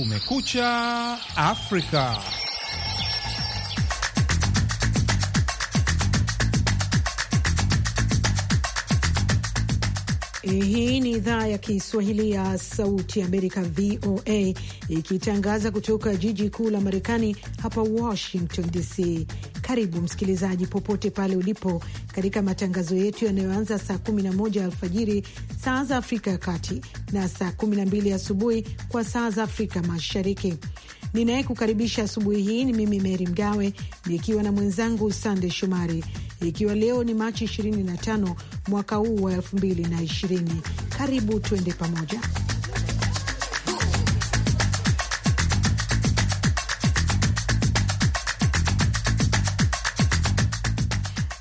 Kumekucha Afrika. Hii ni idhaa ya Kiswahili ya Sauti ya Amerika, VOA, ikitangaza kutoka jiji kuu la Marekani, hapa Washington DC. Karibu msikilizaji, popote pale ulipo, katika matangazo yetu yanayoanza saa 11 alfajiri saa za Afrika ya Kati na saa 12 asubuhi kwa saa za Afrika Mashariki. Ninayekukaribisha asubuhi hii ni mimi Meri Mgawe nikiwa na mwenzangu Sande Shomari, ikiwa leo ni Machi 25 mwaka huu wa 2020. Karibu tuende pamoja.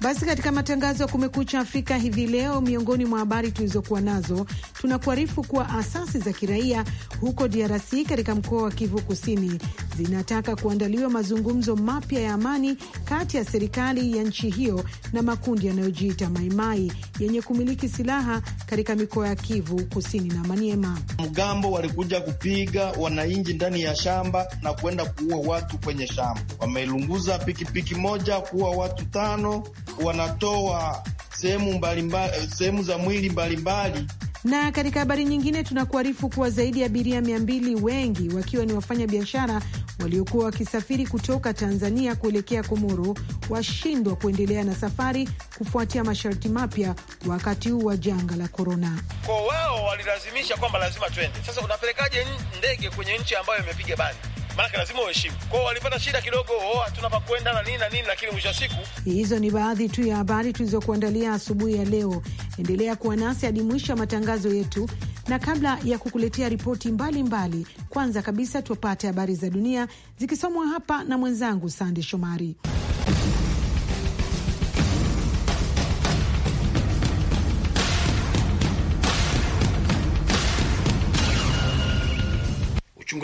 Basi katika matangazo ya Kumekucha Afrika hivi leo, miongoni mwa habari tulizokuwa nazo, tunakuarifu kuwa asasi za kiraia huko DRC katika mkoa wa Kivu Kusini zinataka kuandaliwa mazungumzo mapya ya amani kati ya serikali ya nchi hiyo na makundi yanayojiita Maimai yenye kumiliki silaha katika mikoa ya Kivu Kusini na Maniema. Mgambo walikuja kupiga wananchi ndani ya shamba na kwenda kuua watu kwenye shamba. Wamelunguza pikipiki moja kuua watu tano wanatoa sehemu mbalimbali, sehemu za mwili mbalimbali na katika habari nyingine tunakuarifu kuwa zaidi ya abiria mia mbili, wengi wakiwa ni wafanya biashara waliokuwa wakisafiri kutoka Tanzania kuelekea Komoro, washindwa kuendelea na safari kufuatia masharti mapya wakati huu wa janga la korona. Kwa wao walilazimisha kwamba lazima twende. Sasa unapelekaje ndege kwenye nchi ambayo imepiga bani? maanake lazima uheshimu kwao. Walipata shida kidogo, oh, hatuna pa kwenda na nini na nini, lakini mwisho wa siku. Hizo ni baadhi tu ya habari tulizokuandalia asubuhi ya leo. Endelea kuwa nasi hadi mwisho wa matangazo yetu, na kabla ya kukuletea ripoti mbalimbali, kwanza kabisa tupate habari za dunia zikisomwa hapa na mwenzangu Sande Shomari.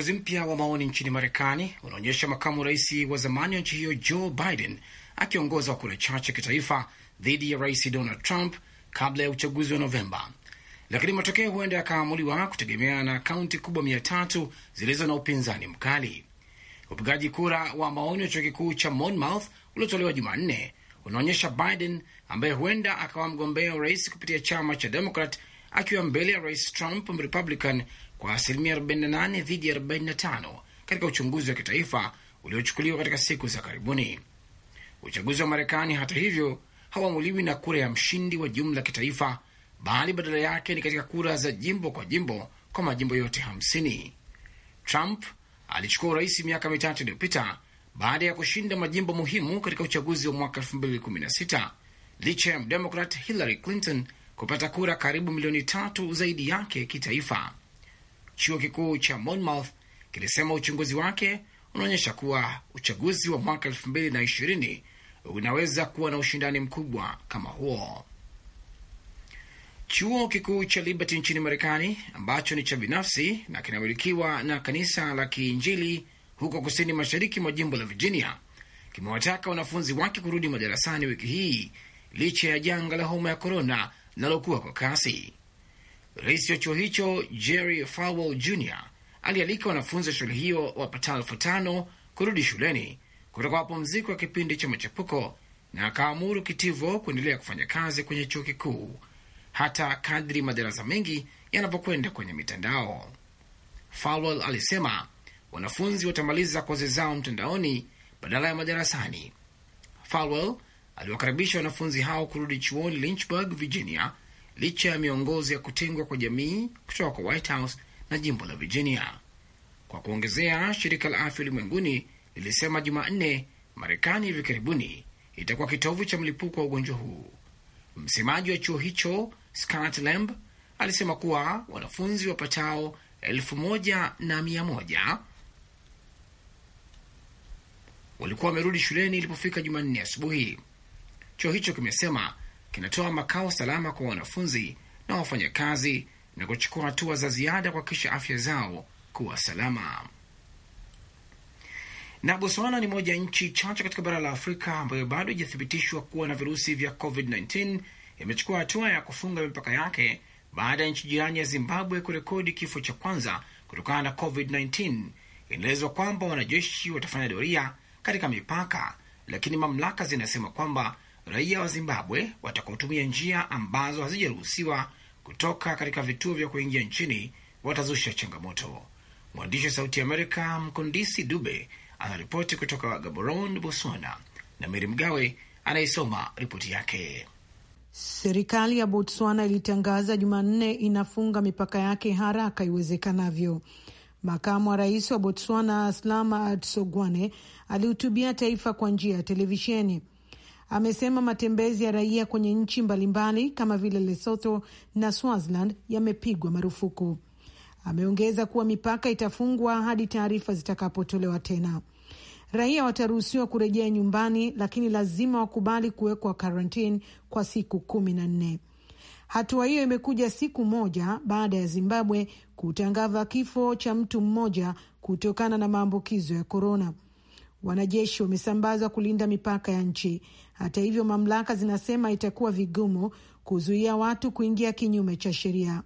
Uchunguzi mpya wa maoni nchini Marekani unaonyesha makamu rais wa zamani wa nchi hiyo Joe Biden akiongoza wa kura chache kitaifa dhidi ya rais Donald Trump kabla ya uchaguzi wa Novemba, lakini matokeo huenda yakaamuliwa kutegemea na kaunti kubwa mia tatu zilizo na upinzani mkali. Upigaji kura wa maoni wa chuo kikuu cha Monmouth uliotolewa Jumanne unaonyesha Biden ambaye huenda akawa mgombea urais kupitia chama cha Demokrat akiwa mbele ya rais Trump Mrepublican kwa asilimia 48 dhidi ya 45 katika uchunguzi wa kitaifa uliochukuliwa katika siku za karibuni. Uchaguzi wa Marekani, hata hivyo, hauamuliwi na kura ya mshindi wa jumla kitaifa, bali badala yake ni katika kura za jimbo kwa jimbo kwa majimbo yote 50. Trump alichukua urais miaka mitatu iliyopita baada ya kushinda majimbo muhimu katika uchaguzi wa mwaka 2016 licha ya Mdemokrat Hillary Clinton kupata kura karibu milioni tatu zaidi yake kitaifa chuo kikuu cha Monmouth kilisema uchunguzi wake unaonyesha kuwa uchaguzi wa mwaka elfu mbili na ishirini unaweza kuwa na ushindani mkubwa kama huo. Chuo kikuu cha Liberty nchini Marekani ambacho ni cha binafsi na kinamilikiwa na kanisa la Kiinjili huko kusini mashariki mwa jimbo la Virginia kimewataka wanafunzi wake kurudi madarasani wiki hii licha ya janga la homa ya korona linalokuwa kwa kasi. Rais wa chuo hicho Jerry Falwell Jr alialika wanafunzi wa shule hiyo wapatao elfu tano kurudi shuleni kutoka mapumziko ya kipindi cha machapuko na akaamuru kitivo kuendelea kufanya kazi kwenye chuo kikuu hata kadri madarasa mengi yanavyokwenda kwenye mitandao. Falwell alisema wanafunzi watamaliza kozi zao mtandaoni badala ya madarasani. Falwell aliwakaribisha wanafunzi hao kurudi chuoni Lynchburg, Virginia licha ya miongozo ya kutengwa kwa jamii kutoka kwa White House na jimbo la Virginia. Kwa kuongezea, shirika la afya ulimwenguni lilisema Jumanne Marekani hivi karibuni itakuwa kitovu cha mlipuko wa ugonjwa huu. Msemaji wa chuo hicho Scott Lamb alisema kuwa wanafunzi wapatao elfu moja na mia moja walikuwa wamerudi shuleni ilipofika Jumanne asubuhi. Chuo hicho kimesema kinatoa makao salama kwa wanafunzi na wafanyakazi na kuchukua hatua za ziada kuhakikisha afya zao kuwa salama. Na Botswana ni moja ya nchi chache katika bara la Afrika ambayo bado haijathibitishwa kuwa na virusi vya COVID-19 imechukua hatua ya kufunga mipaka yake baada ya nchi jirani ya Zimbabwe kurekodi kifo cha kwanza kutokana na COVID-19. Inaelezwa kwamba wanajeshi watafanya doria katika mipaka, lakini mamlaka zinasema kwamba raia wa Zimbabwe watakaotumia njia ambazo hazijaruhusiwa kutoka katika vituo vya kuingia nchini watazusha changamoto. Mwandishi wa Sauti Amerika Mkundisi Dube anaripoti kutoka Gaborone, Botswana, na Meri Mgawe anayesoma ripoti yake. Serikali ya Botswana ilitangaza Jumanne inafunga mipaka yake haraka iwezekanavyo. Makamu wa rais wa Botswana Slama Atsogwane alihutubia taifa kwa njia ya televisheni amesema matembezi ya raia kwenye nchi mbalimbali kama vile Lesotho na Swaziland yamepigwa marufuku. Ameongeza kuwa mipaka itafungwa hadi taarifa zitakapotolewa tena. Raia wataruhusiwa kurejea nyumbani, lakini lazima wakubali kuwekwa karantini kwa siku kumi na nne. Hatua hiyo imekuja siku moja baada ya Zimbabwe kutangaza kifo cha mtu mmoja kutokana na maambukizo ya korona wanajeshi wamesambazwa kulinda mipaka ya nchi. Hata hivyo, mamlaka zinasema itakuwa vigumu kuzuia watu kuingia kinyume cha sheria.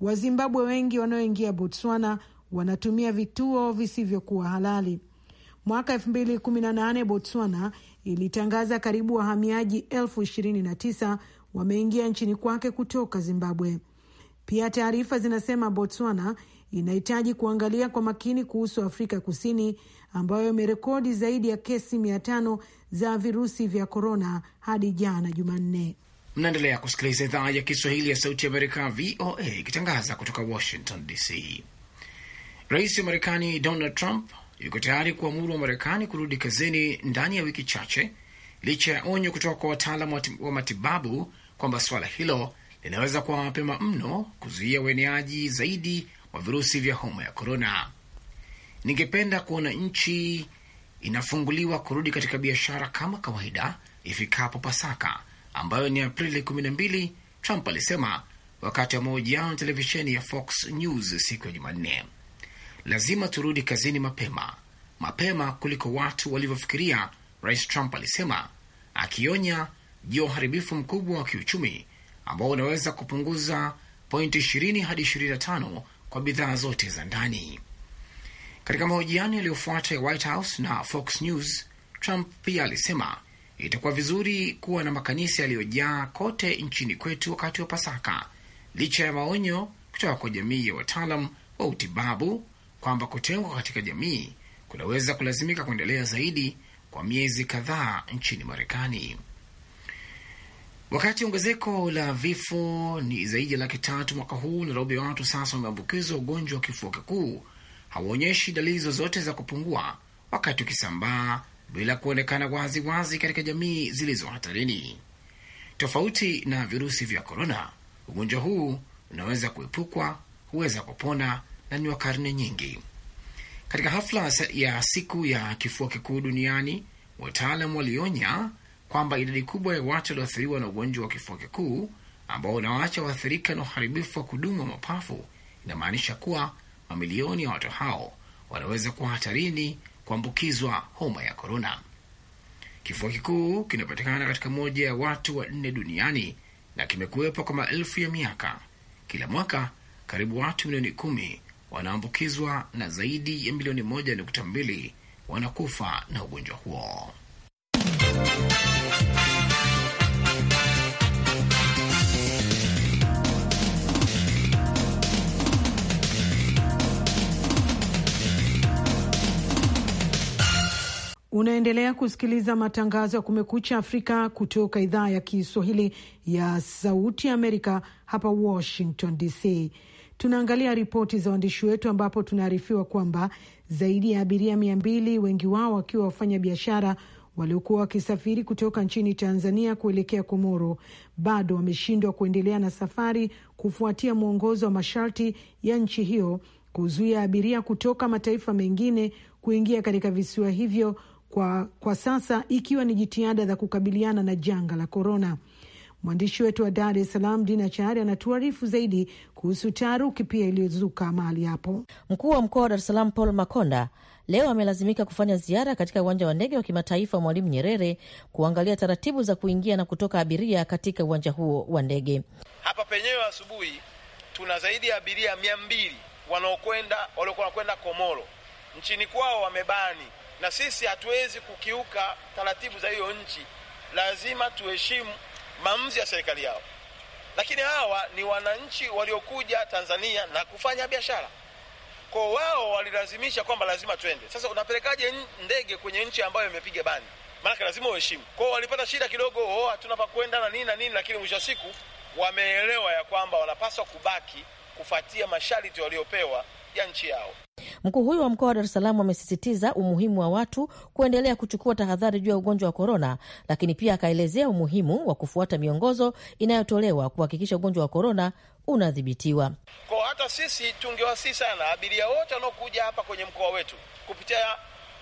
Wazimbabwe wengi wanaoingia Botswana wanatumia vituo visivyokuwa halali. Mwaka elfu Botswana ilitangaza karibu wahamiaji elfu wameingia nchini kwake kutoka Zimbabwe. Pia taarifa zinasema Botswana inahitaji kuangalia kwa makini kuhusu Afrika Kusini ambayo imerekodi zaidi ya kesi mia tano za virusi vya korona hadi jana Jumanne. Mnaendelea kusikiliza idhaa ya Kiswahili ya Sauti ya Amerika, VOA, ikitangaza kutoka Washington DC. Rais wa Marekani Donald Trump yuko tayari kuamuru wa Marekani kurudi kazini ndani ya wiki chache licha ya onyo kutoka kwa wataalam wa matibabu kwamba suala hilo linaweza kuwa mapema mno kuzuia ueneaji zaidi wa virusi vya homa ya korona ningependa kuona nchi inafunguliwa kurudi katika biashara kama kawaida ifikapo Pasaka ambayo ni Aprili 12, Trump alisema wakati wa mahojiano na televisheni ya Fox News siku ya Jumanne. Lazima turudi kazini mapema, mapema kuliko watu walivyofikiria, Rais Trump alisema, akionya juu ya uharibifu mkubwa wa kiuchumi ambao unaweza kupunguza pointi 20 hadi 25 kwa bidhaa zote za ndani. Katika mahojiano yaliyofuata ya White House na Fox News, Trump pia alisema itakuwa vizuri kuwa na makanisa yaliyojaa kote nchini kwetu wakati wa Pasaka, licha ya maonyo kutoka kwa jamii ya wataalam wa utibabu kwamba kutengwa katika jamii kunaweza kulazimika kuendelea zaidi kwa miezi kadhaa nchini Marekani. Wakati ongezeko la vifo ni zaidi ya laki tatu mwaka huu na robo ya watu sasa wameambukizwa ugonjwa wa kifua kikuu, hauonyeshi dalili zozote za kupungua wakati ukisambaa bila kuonekana wazi wazi katika jamii zilizo hatarini. Tofauti na virusi vya korona, ugonjwa huu unaweza kuepukwa, huweza kupona na ni wa karne nyingi. Katika hafla ya siku ya kifua kikuu duniani, wataalam walionya kwamba idadi kubwa ya watu walioathiriwa na ugonjwa wa kifua kikuu ambao unawaacha waathirika na uharibifu wa kudumu wa mapafu inamaanisha kuwa mamilioni ya watu hao wanaweza kuwa hatarini kuambukizwa homa ya korona. Kifua kikuu kinapatikana katika moja ya watu wanne duniani na kimekuwepo kwa maelfu ya miaka. Kila mwaka karibu watu milioni kumi wanaambukizwa na zaidi ya milioni moja nukta mbili wanakufa na ugonjwa huo. Unaendelea kusikiliza matangazo ya Kumekucha Afrika kutoka idhaa ya Kiswahili ya Sauti Amerika, hapa Washington DC. Tunaangalia ripoti za waandishi wetu, ambapo tunaarifiwa kwamba zaidi ya abiria mia mbili, wengi wao wakiwa wafanya biashara waliokuwa wakisafiri kutoka nchini Tanzania kuelekea Komoro bado wameshindwa kuendelea na safari kufuatia mwongozo wa masharti ya nchi hiyo kuzuia abiria kutoka mataifa mengine kuingia katika visiwa hivyo kwa, kwa sasa ikiwa ni jitihada za kukabiliana na janga la korona. Mwandishi wetu wa Dar es Salaam Dina chaari anatuarifu zaidi kuhusu taharuki pia iliyozuka mahali hapo. Mkuu wa mkoa wa Dar es Salaam Paul Makonda leo amelazimika kufanya ziara katika uwanja wa ndege wa kimataifa wa Mwalimu Nyerere kuangalia taratibu za kuingia na kutoka abiria katika uwanja huo wa ndege. Hapa penyewe asubuhi tuna zaidi ya abiria mia mbili wanaokwenda waliokuwa wanakwenda Komoro nchini kwao, wamebani na sisi hatuwezi kukiuka taratibu za hiyo nchi, lazima tuheshimu maamuzi ya serikali yao. Lakini hawa ni wananchi waliokuja Tanzania na kufanya biashara, kwa wao walilazimisha kwamba lazima twende. Sasa unapelekaje ndege kwenye nchi ambayo imepiga bani? Maanake lazima uheshimu. Kwao walipata shida kidogo, oh, hatuna pa kwenda na nini na nini, lakini mwisho wa siku wameelewa ya kwamba wanapaswa kubaki kufuatia masharti waliopewa ya nchi yao. Mkuu huyo wa mkoa wa Dar es Salaam amesisitiza umuhimu wa watu kuendelea kuchukua tahadhari juu ya ugonjwa wa korona, lakini pia akaelezea umuhimu wa kufuata miongozo inayotolewa kuhakikisha ugonjwa wa korona unadhibitiwa. Kwa hata sisi tungewasii sana abiria wote wanaokuja hapa kwenye mkoa wetu kupitia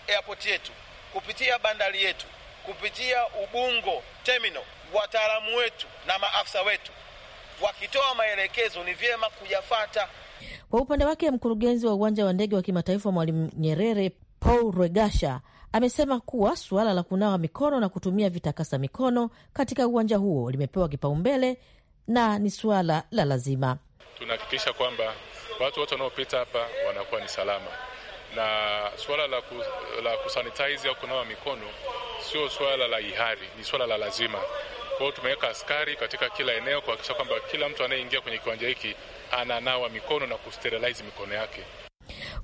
airport yetu, kupitia bandari yetu, kupitia Ubungo terminal, wataalamu wetu na maafisa wetu wakitoa maelekezo ni vyema kuyafata. Kwa upande wake mkurugenzi wa uwanja wa ndege wa kimataifa Mwalimu Nyerere Paul Regasha amesema kuwa suala la kunawa mikono na kutumia vitakasa mikono katika uwanja huo limepewa kipaumbele na ni suala la lazima. Tunahakikisha kwamba watu wote wanaopita hapa wanakuwa ni salama, na suala la, ku, la kusanitize au kunawa mikono sio suala la ihari, ni suala la lazima. Kwa hiyo tumeweka askari katika kila eneo kuhakikisha kwamba kila mtu anayeingia kwenye kiwanja hiki ananawa mikono na kusterilize mikono yake.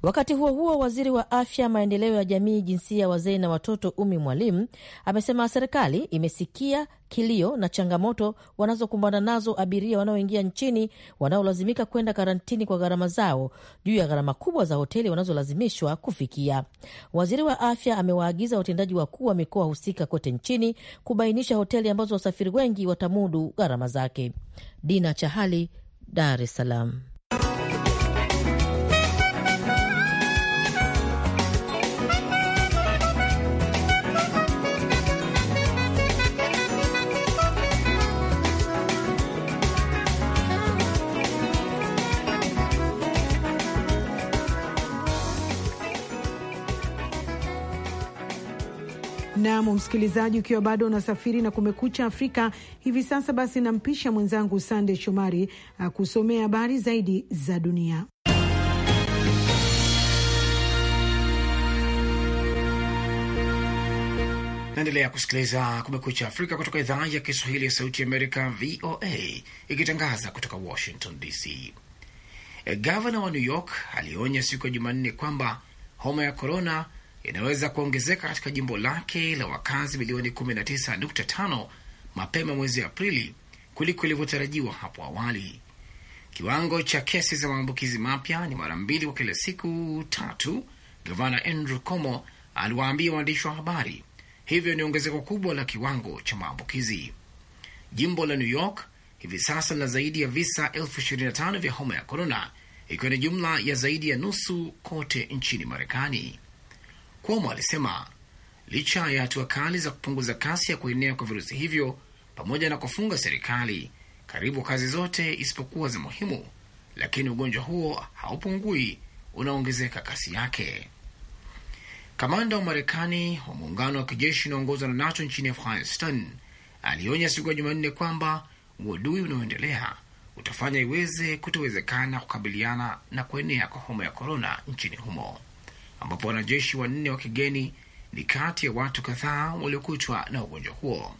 Wakati huo huo, waziri wa afya, maendeleo ya jamii, jinsia, wazee na watoto, Umi Mwalimu, amesema serikali imesikia kilio na changamoto wanazokumbana nazo abiria wanaoingia nchini wanaolazimika kwenda karantini kwa gharama zao juu ya gharama kubwa za hoteli wanazolazimishwa kufikia. Waziri wa afya amewaagiza watendaji wakuu wa mikoa husika kote nchini kubainisha hoteli ambazo wasafiri wengi watamudu gharama zake. Dina Chahali, Dar es Salaam. Nam msikilizaji, ukiwa bado unasafiri na Kumekucha Afrika hivi sasa, basi nampisha mwenzangu Sande Shomari akusomea uh, habari zaidi za dunia. Naendelea kusikiliza Kumekucha Afrika kutoka idhaa ya Kiswahili ya Sauti ya Amerika, VOA, ikitangaza kutoka Washington DC. Gavana wa New York alionya siku ya Jumanne kwamba homa ya korona inaweza kuongezeka katika jimbo lake la wakazi milioni 19.5 mapema mwezi Aprili kuliko ilivyotarajiwa hapo awali. Kiwango cha kesi za maambukizi mapya ni mara mbili kwa kila siku tatu, gavana Andrew Cuomo aliwaambia waandishi wa habari. Hivyo ni ongezeko kubwa la kiwango cha maambukizi. Jimbo la New York hivi sasa lina zaidi ya visa elfu 25 vya homa ya korona, ikiwa ni jumla ya zaidi ya nusu kote nchini Marekani. Cuomo alisema licha ya hatua kali za kupunguza kasi ya kuenea kwa virusi hivyo pamoja na kufunga serikali karibu kazi zote isipokuwa za muhimu, lakini ugonjwa huo haupungui, unaongezeka kasi yake. Kamanda wa Marekani wa muungano wa kijeshi unaongozwa na NATO nchini Afghanistan alionya siku ya Jumanne kwamba uadui unaoendelea utafanya iweze kutowezekana kukabiliana na kuenea kwa homa ya korona nchini humo ambapo wanajeshi wanne wa kigeni ni kati ya watu kadhaa waliokutwa na ugonjwa huo.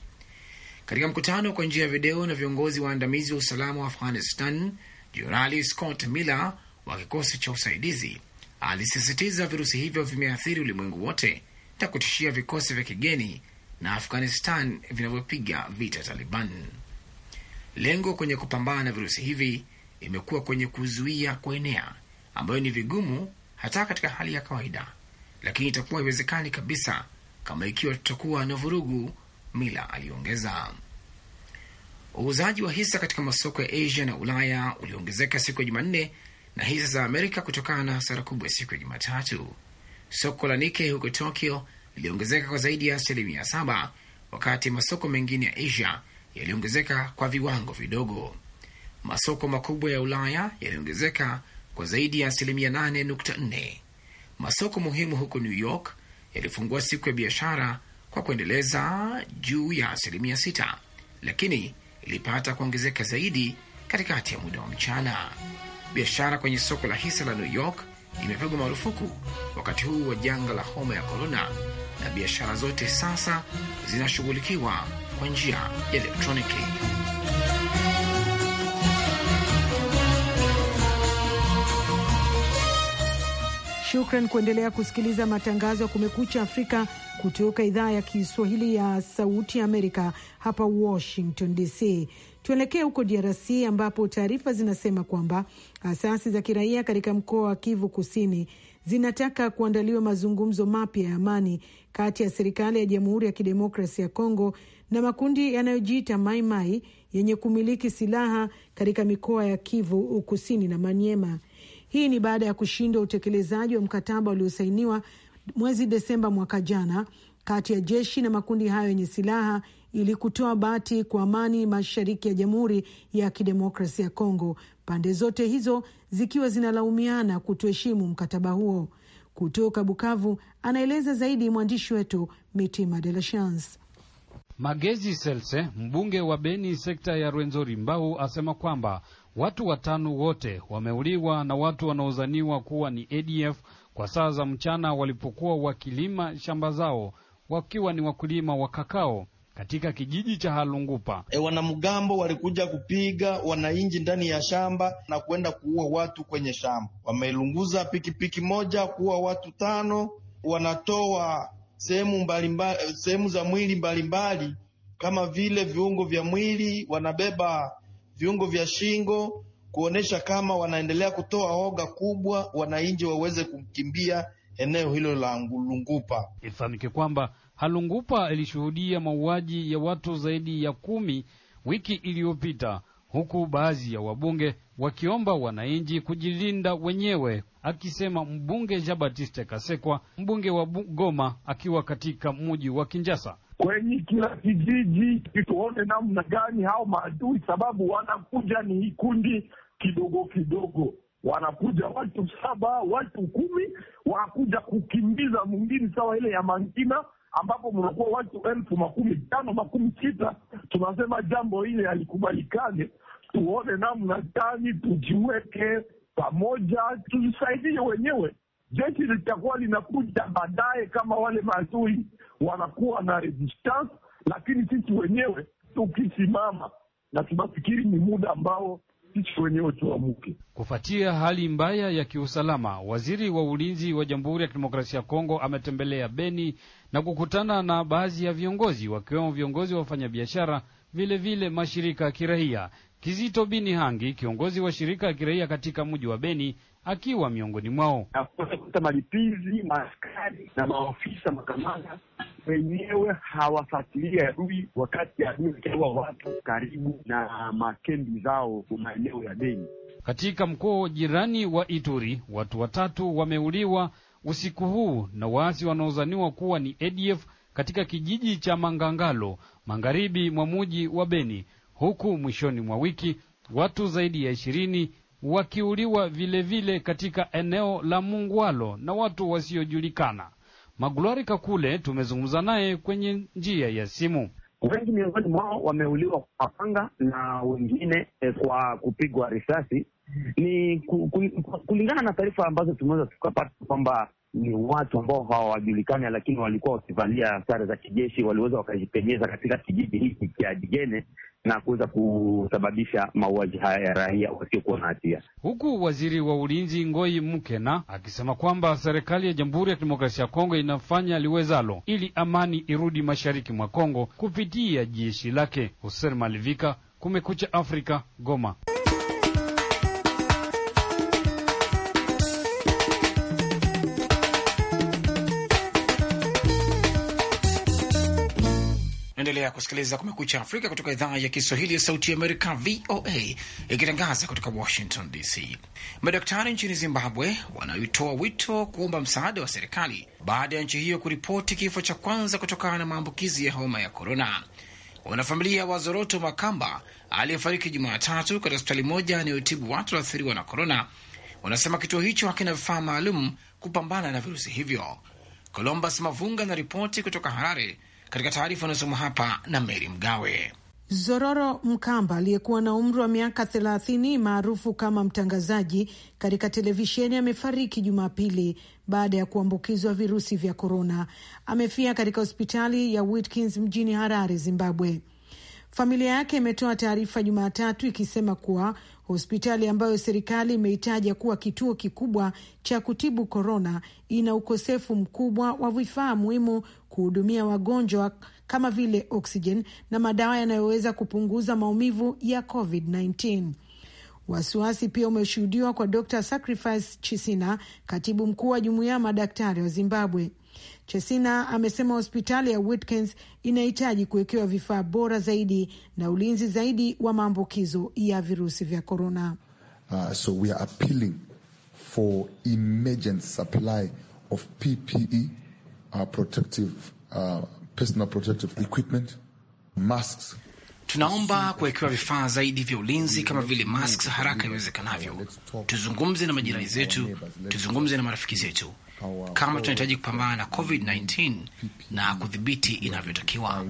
Katika mkutano kwa njia ya video na viongozi waandamizi wa usalama wa Afghanistan, Jenerali Scott Miller wa kikosi cha usaidizi alisisitiza virusi hivyo vimeathiri ulimwengu wote na kutishia vikosi vya kigeni na Afghanistan vinavyopiga vita Taliban. Lengo kwenye kupambana na virusi hivi imekuwa kwenye kuzuia kuenea, ambayo ni vigumu hata katika hali ya kawaida, lakini itakuwa iwezekani kabisa kama ikiwa tutakuwa na vurugu, Mila aliongeza. Uuzaji wa hisa katika masoko ya Asia na Ulaya uliongezeka siku ya Jumanne na hisa za Amerika kutokana na hasara kubwa siku ya Jumatatu. Soko la Nikkei huko Tokyo liliongezeka kwa zaidi ya asilimia saba wakati masoko mengine ya Asia yaliongezeka kwa viwango vidogo. Masoko makubwa ya Ulaya yaliongezeka kwa zaidi ya asilimia 8.4. Masoko muhimu huko New York yalifungua siku ya biashara kwa kuendeleza juu ya asilimia 6, lakini ilipata kuongezeka zaidi katikati ya muda wa mchana. Biashara kwenye soko la hisa la New York imepigwa marufuku wakati huu wa janga la homa ya korona, na biashara zote sasa zinashughulikiwa kwa njia ya elektroniki. Shukran kuendelea kusikiliza matangazo ya Kumekucha Afrika kutoka idhaa ya Kiswahili ya Sauti Amerika hapa Washington DC. Tuelekee huko DRC ambapo taarifa zinasema kwamba asasi za kiraia katika mkoa wa Kivu Kusini zinataka kuandaliwa mazungumzo mapya ya amani kati ya serikali ya Jamhuri ya Kidemokrasi ya Kongo na makundi yanayojiita Maimai yenye kumiliki silaha katika mikoa ya Kivu Kusini na Maniema. Hii ni baada ya kushindwa utekelezaji wa mkataba uliosainiwa mwezi Desemba mwaka jana kati ya jeshi na makundi hayo yenye silaha ili kutoa bati kwa amani mashariki ya Jamhuri ya Kidemokrasia ya Kongo, pande zote hizo zikiwa zinalaumiana kutoheshimu mkataba huo. Kutoka Bukavu anaeleza zaidi mwandishi wetu Mitima De La Chance. Magezi Selse, mbunge wa Beni sekta ya Rwenzori Mbau, asema kwamba Watu watano wote wameuliwa na watu wanaozaniwa kuwa ni ADF kwa saa za mchana walipokuwa wakilima shamba zao, wakiwa ni wakulima wa kakao katika kijiji cha Halungupa. E, wanamgambo walikuja kupiga wananchi ndani ya shamba na kwenda kuua watu kwenye shamba. Wamelunguza pikipiki moja kuua watu tano, wanatoa sehemu mbalimbali, sehemu za mwili mbalimbali mbali, kama vile viungo vya mwili wanabeba viungo vya shingo, kuonesha kama wanaendelea kutoa hoga kubwa, wananchi waweze kukimbia eneo hilo la Lungupa. Ifahamike kwamba Halungupa ilishuhudia mauaji ya watu zaidi ya kumi wiki iliyopita, huku baadhi ya wabunge wakiomba wananchi kujilinda wenyewe, akisema mbunge Jean Baptiste Kasekwa, mbunge wa Goma, akiwa katika mji wa Kinshasa kwenye kila kijiji, tuone namna gani hao maadui, sababu wanakuja ni kundi kidogo kidogo, wanakuja watu saba, watu kumi, wanakuja kukimbiza mwingine, sawa ile ya Mangina ambapo mnakuwa watu elfu makumi tano makumi sita. Tunasema jambo hili halikubalikane, tuone namna gani, tujiweke pamoja, tujisaidie wenyewe. Jeshi litakuwa linakuja baadaye, kama wale maadui wanakuwa na resistance, lakini sisi wenyewe tukisimama, na tunafikiri ni muda ambao sisi wenyewe tuamuke. Kufuatia hali mbaya ya kiusalama, waziri wa ulinzi wa Jamhuri ya Kidemokrasia ya Kongo ametembelea Beni na kukutana na baadhi ya viongozi wakiwemo viongozi wa wafanyabiashara, vilevile mashirika ya kiraia. Kizito Bini Hangi, kiongozi wa shirika ya kiraia katika mji wa Beni, akiwa miongoni mwao. Nakuta malipizi maaskari na maofisa makamanda wenyewe hawafuatilia adui, wakati adui akiua watu karibu na makembi zao maeneo ya Beni. Katika mkoa jirani wa Ituri, watu watatu wameuliwa usiku huu na waasi wanaozaniwa kuwa ni ADF katika kijiji cha Mangangalo magharibi mwa muji wa Beni, huku mwishoni mwa wiki watu zaidi ya ishirini wakiuliwa vilevile katika eneo la Mungwalo na watu wasiojulikana. Magulari Kakule tumezungumza naye kwenye njia ya simu. Wengi miongoni mwao wameuliwa kwa panga na wengine eh, kwa kupigwa risasi. Ni kulingana na taarifa ambazo tumeweza tukapata kwamba ni watu ambao hawajulikani, lakini walikuwa wakivalia sare za kijeshi, waliweza wakajipenyeza katika kijiji hiki cha Jigene na kuweza kusababisha mauaji haya ya raia wasiokuwa na hatia, huku waziri wa ulinzi Ngoi Mukena akisema kwamba serikali ya Jamhuri ya Kidemokrasia ya Kongo inafanya liwezalo ili amani irudi mashariki mwa Kongo kupitia jeshi lake. Hosen Malivika, Kumekucha Afrika, Goma. Unaendelea kusikiliza Kumekucha Afrika kutoka idhaa ya Kiswahili ya Sauti Amerika, VOA, ikitangaza kutoka Washington DC. Madaktari nchini Zimbabwe wanaitoa wito kuomba msaada wa serikali baada ya nchi hiyo kuripoti kifo cha kwanza kutokana na maambukizi ya homa ya korona. Wanafamilia wa Zoroto Makamba aliyefariki Jumatatu katika hospitali moja inayotibu watu waathiriwa na korona wanasema kituo hicho hakina vifaa maalum kupambana na virusi hivyo. Columbus Mavunga na ripoti kutoka Harare katika taarifa inayosoma hapa na Meri Mgawe. Zororo Mkamba aliyekuwa na umri wa miaka thelathini maarufu kama mtangazaji katika televisheni amefariki Jumapili baada ya kuambukizwa virusi vya korona. Amefia katika hospitali ya Whitkins mjini Harare, Zimbabwe. Familia yake imetoa taarifa Jumatatu ikisema kuwa hospitali ambayo serikali imeitaja kuwa kituo kikubwa cha kutibu korona ina ukosefu mkubwa wa vifaa muhimu kuhudumia wagonjwa kama vile oksijeni na madawa yanayoweza kupunguza maumivu ya COVID-19. Wasiwasi pia umeshuhudiwa kwa Dr Sacrifice Chisina, katibu mkuu wa jumuiya ya madaktari wa Zimbabwe. Chesina amesema hospitali ya Watkins inahitaji kuwekewa vifaa bora zaidi na ulinzi zaidi wa maambukizo ya virusi vya korona. Uh, so we are appealing for emergent supply of PPE protective, uh, personal protective equipment, masks. Tunaomba kuwekewa vifaa zaidi vya ulinzi kama vile masks haraka iwezekanavyo. Tuzungumze na majirani zetu, tuzungumze na marafiki zetu kama tunahitaji kupambana na COVID-19 na kudhibiti inavyotakiwa.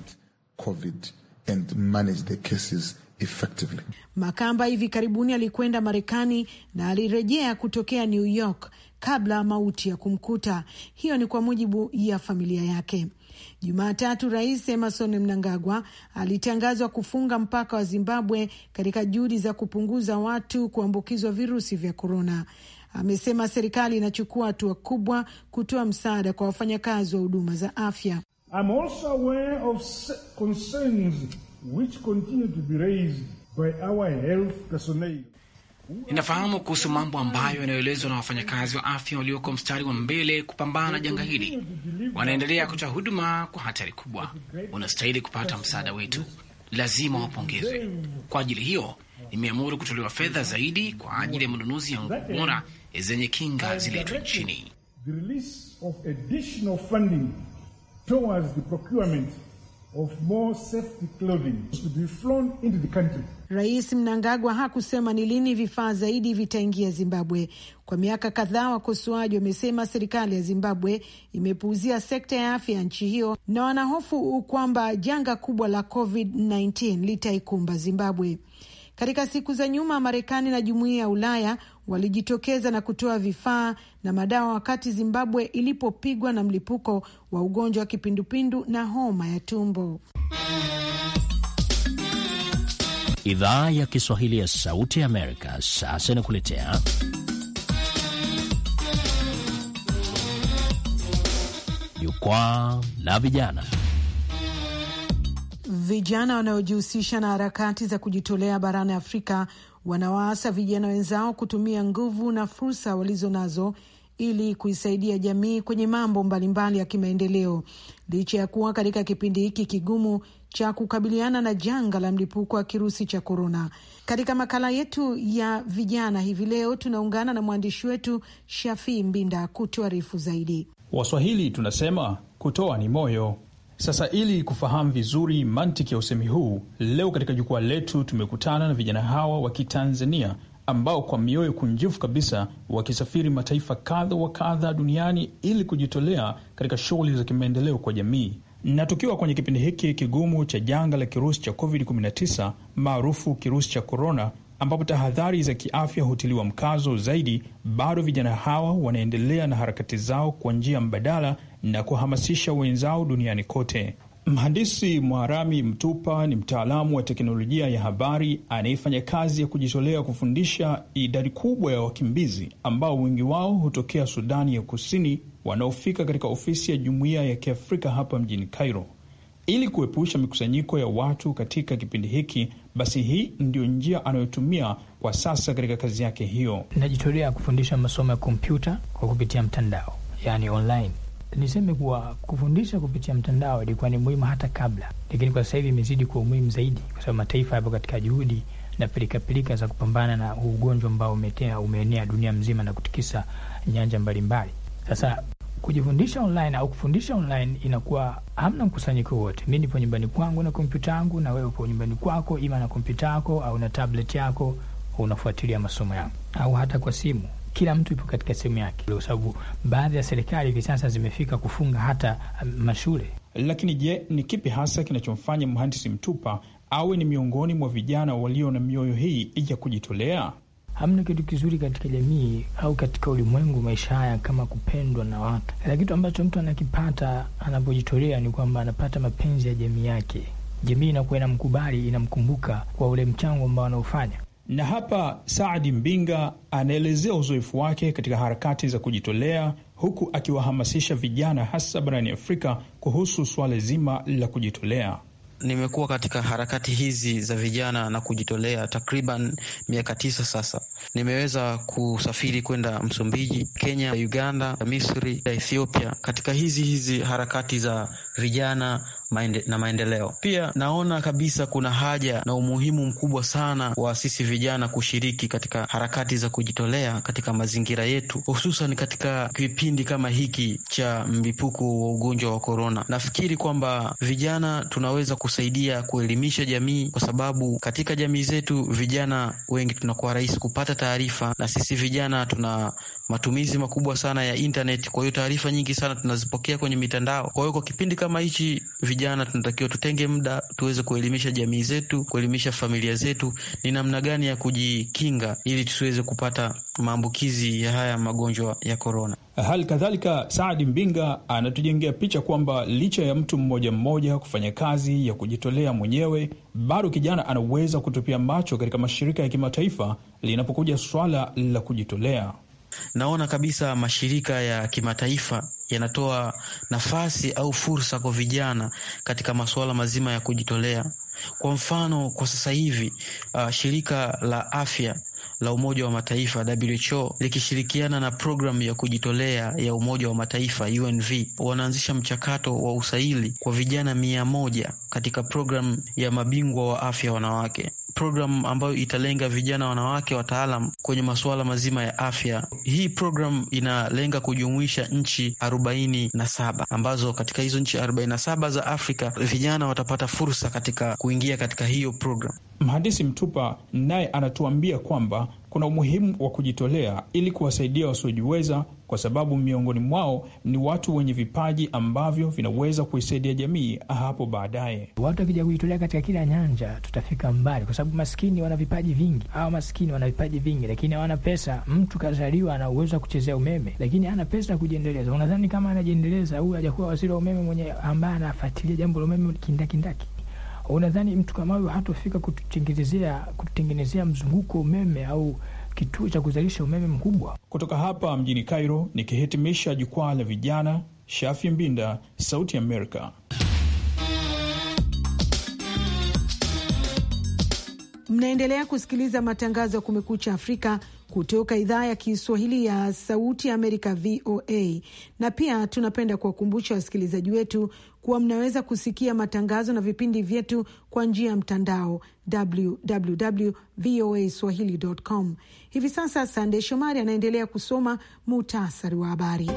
COVID and manage the cases effectively. Makamba hivi karibuni alikwenda Marekani na alirejea kutokea New York kabla mauti ya kumkuta. Hiyo ni kwa mujibu ya familia yake. Jumatatu, Rais Emerson Mnangagwa alitangazwa kufunga mpaka wa Zimbabwe katika juhudi za kupunguza watu kuambukizwa virusi vya korona. Amesema serikali inachukua hatua kubwa kutoa msaada kwa wafanyakazi wa huduma za afya. I'm also aware of concerns which continue to be raised by our health personnel. Ninafahamu kuhusu mambo ambayo yanayoelezwa na wafanyakazi wa afya walioko mstari wa mbele kupambana na janga hili. Wanaendelea kutoa huduma kwa hatari kubwa, wanastahili kupata msaada wetu, lazima wapongezwe. Kwa ajili hiyo, nimeamuru kutolewa fedha zaidi kwa ajili ya manunuzi ya nguo bora zenye kinga ziletwe nchini of more safety clothing to be flown into the country. Rais Mnangagwa hakusema ni lini vifaa zaidi vitaingia Zimbabwe. Kwa miaka kadhaa, wakosoaji wamesema serikali ya Zimbabwe imepuuzia sekta ya afya ya nchi hiyo na wanahofu kwamba janga kubwa la COVID-19 litaikumba Zimbabwe. Katika siku za nyuma, Marekani na jumuiya ya Ulaya walijitokeza na kutoa vifaa na madawa wakati Zimbabwe ilipopigwa na mlipuko wa ugonjwa wa kipindupindu na homa ya tumbo. Idhaa ya Kiswahili ya Sauti Amerika sasa inakuletea Jukwaa la Vijana. Vijana wanaojihusisha na harakati za kujitolea barani Afrika wanawaasa vijana wenzao kutumia nguvu na fursa walizo nazo ili kuisaidia jamii kwenye mambo mbalimbali ya kimaendeleo, licha ya kuwa katika kipindi hiki kigumu cha kukabiliana na janga la mlipuko wa kirusi cha korona. Katika makala yetu ya vijana hivi leo, tunaungana na mwandishi wetu Shafii Mbinda kutuarifu zaidi. Waswahili tunasema kutoa ni moyo sasa ili kufahamu vizuri mantiki ya usemi huu, leo katika jukwaa letu tumekutana na vijana hawa wa Kitanzania ambao kwa mioyo kunjifu kabisa wakisafiri mataifa kadha wa kadha duniani ili kujitolea katika shughuli za kimaendeleo kwa jamii. Na tukiwa kwenye kipindi hiki kigumu cha janga la kirusi cha COVID-19 maarufu kirusi cha korona, ambapo tahadhari za kiafya hutiliwa mkazo zaidi, bado vijana hawa wanaendelea na harakati zao kwa njia mbadala na kuhamasisha wenzao duniani kote. Mhandisi Mwarami Mtupa ni mtaalamu wa teknolojia ya habari anayefanya kazi ya kujitolea kufundisha idadi kubwa ya wakimbizi ambao wengi wao hutokea Sudani ya Kusini wanaofika katika ofisi ya jumuiya ya Kiafrika hapa mjini Cairo ili kuepusha mikusanyiko ya watu katika kipindi hiki. Basi hii ndio njia anayotumia kwa sasa katika kazi yake hiyo. Najitolea kufundisha masomo ya kompyuta kwa kupitia mtandao, yani online. Niseme kuwa kufundisha kupitia mtandao ilikuwa ni muhimu hata kabla, lakini kwa sasa hivi imezidi kuwa umuhimu zaidi, kwa sababu mataifa yapo katika juhudi na pilikapilika za kupambana na ugonjwa ambao umeenea dunia mzima na kutikisa nyanja mbalimbali. Sasa kujifundisha online au kufundisha online inakuwa hamna mkusanyiko wote. Mi nipo nyumbani kwangu na kompyuta yangu, na wewe upo nyumbani kwako, ima na kompyuta yako au na tablet yako, unafuatilia masomo yako, au hata kwa simu. Kila mtu ipo katika sehemu yake, kwa sababu baadhi ya serikali hivi sasa zimefika kufunga hata um, mashule. Lakini je, ni kipi hasa kinachomfanya mhandisi Mtupa awe ni miongoni mwa vijana walio na mioyo hii ya kujitolea? hamna kitu kizuri katika jamii au katika ulimwengu maisha haya kama kupendwa na watu, na kitu ambacho mtu anakipata anapojitolea ni kwamba anapata mapenzi ya jamii yake. Jamii inakuwa inamkubali, inamkumbuka kwa ule mchango ambao anaofanya. Na hapa Saadi Mbinga anaelezea uzoefu wake katika harakati za kujitolea huku akiwahamasisha vijana hasa barani Afrika kuhusu suala zima la kujitolea. Nimekuwa katika harakati hizi za vijana na kujitolea takriban miaka tisa sasa, Nimeweza kusafiri kwenda Msumbiji, Kenya, Uganda, Misri, Ethiopia katika hizi hizi harakati za vijana maende, na maendeleo. Pia naona kabisa kuna haja na umuhimu mkubwa sana wa sisi vijana kushiriki katika harakati za kujitolea katika mazingira yetu, hususan katika kipindi kama hiki cha mlipuko wa ugonjwa wa korona. Nafikiri kwamba vijana tunaweza kusaidia kuelimisha jamii, kwa sababu katika jamii zetu vijana wengi tunakuwa rahisi kupata taarifa, na sisi vijana tuna matumizi makubwa sana ya intaneti Kwa hiyo taarifa nyingi sana tunazipokea kwenye mitandao. Kwa hiyo kwa kipindi kama kama hichi, vijana tunatakiwa tutenge muda tuweze kuelimisha jamii zetu, kuelimisha familia zetu ni namna gani ya kujikinga ili tusiweze kupata maambukizi ya haya magonjwa ya korona. Hali kadhalika Saadi Mbinga anatujengea picha kwamba licha ya mtu mmoja mmoja kufanya kazi ya kujitolea mwenyewe, bado kijana anaweza kutupia macho katika mashirika ya kimataifa linapokuja swala la kujitolea naona kabisa mashirika ya kimataifa yanatoa nafasi au fursa kwa vijana katika masuala mazima ya kujitolea. Kwa mfano, kwa sasa hivi uh, shirika la afya la Umoja wa Mataifa WHO likishirikiana na programu ya kujitolea ya Umoja wa Mataifa UNV wanaanzisha mchakato wa usaili kwa vijana mia moja katika programu ya mabingwa wa afya wanawake program ambayo italenga vijana wanawake wataalam kwenye masuala mazima ya afya. Hii program inalenga kujumuisha nchi arobaini na saba ambazo katika hizo nchi arobaini na saba za Afrika vijana watapata fursa katika kuingia katika hiyo program. Mhandisi Mtupa naye anatuambia kwamba kuna umuhimu wa kujitolea ili kuwasaidia wasiojiweza, kwa sababu miongoni mwao ni watu wenye vipaji ambavyo vinaweza kuisaidia jamii hapo baadaye. Watu wakija kujitolea katika kila nyanja, tutafika mbali, kwa sababu maskini wana vipaji vingi, hawa maskini wana vipaji vingi, lakini hawana pesa. Mtu kazaliwa ana uwezo wa kuchezea umeme, lakini hana pesa ya kujiendeleza. Unadhani kama anajiendeleza huyu hajakuwa waziri wa umeme mwenye ambaye anafuatilia jambo la umeme kindakindaki? unadhani mtu kama huyo hatofika kututengenezea kututengenezea mzunguko umeme au kituo cha kuzalisha umeme mkubwa? Kutoka hapa mjini Cairo, nikihitimisha jukwaa la vijana, Shafi Mbinda, Sauti ya Amerika. Mnaendelea kusikiliza matangazo ya Kumekucha Afrika kutoka idhaa ya Kiswahili ya Sauti ya Amerika, VOA. Na pia tunapenda kuwakumbusha wasikilizaji wetu kuwa mnaweza kusikia matangazo na vipindi vyetu kwa njia ya mtandao swahilicom. Hivi sasa Sandey Shomari anaendelea kusoma muhtasari wa habari.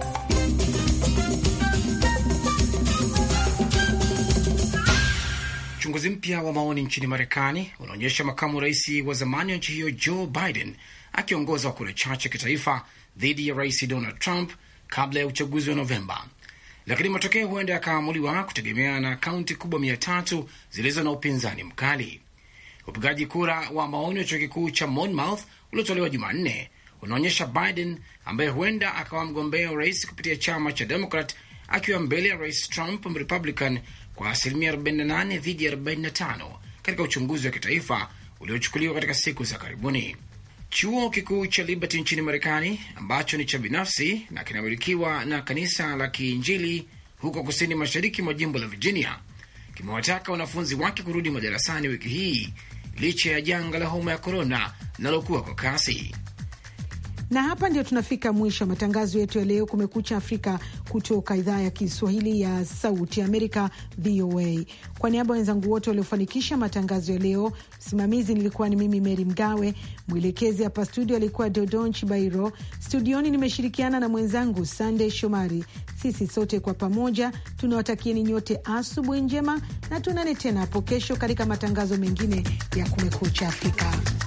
Uchunguzi mpya wa maoni nchini Marekani unaonyesha makamu rais wa zamani wa nchi hiyo Joe Biden akiongoza kura chache kitaifa dhidi ya rais Donald Trump kabla ya uchaguzi wa Novemba, lakini matokeo huenda yakaamuliwa kutegemea na kaunti kubwa mia tatu zilizo na upinzani mkali. Upigaji kura wa maoni wa chuo kikuu cha Monmouth uliotolewa Jumanne unaonyesha Biden ambaye huenda akawa mgombea urais kupitia chama cha Demokrat akiwa mbele ya rais Trump Mrepublican kwa asilimia 48 dhidi ya 45 katika uchunguzi wa kitaifa uliochukuliwa katika siku za karibuni. Chuo kikuu cha Liberty nchini Marekani ambacho ni cha binafsi na kinamilikiwa na kanisa la Kiinjili huko kusini mashariki mwa jimbo la Virginia kimewataka wanafunzi wake kurudi madarasani wiki hii licha ya janga la homa ya korona linalokuwa kwa kasi. Na hapa ndio tunafika mwisho wa matangazo yetu ya leo, Kumekucha Afrika, kutoka idhaa ya Kiswahili ya Sauti Amerika, VOA. Kwa niaba ya wenzangu wote waliofanikisha matangazo ya leo, msimamizi nilikuwa ni mimi Meri Mgawe, mwelekezi hapa studio alikuwa Dodon Chibairo, studioni nimeshirikiana na mwenzangu Sandey Shomari. Sisi sote kwa pamoja tunawatakieni nyote asubuhi njema, na tuonane tena hapo kesho katika matangazo mengine ya Kumekucha Afrika.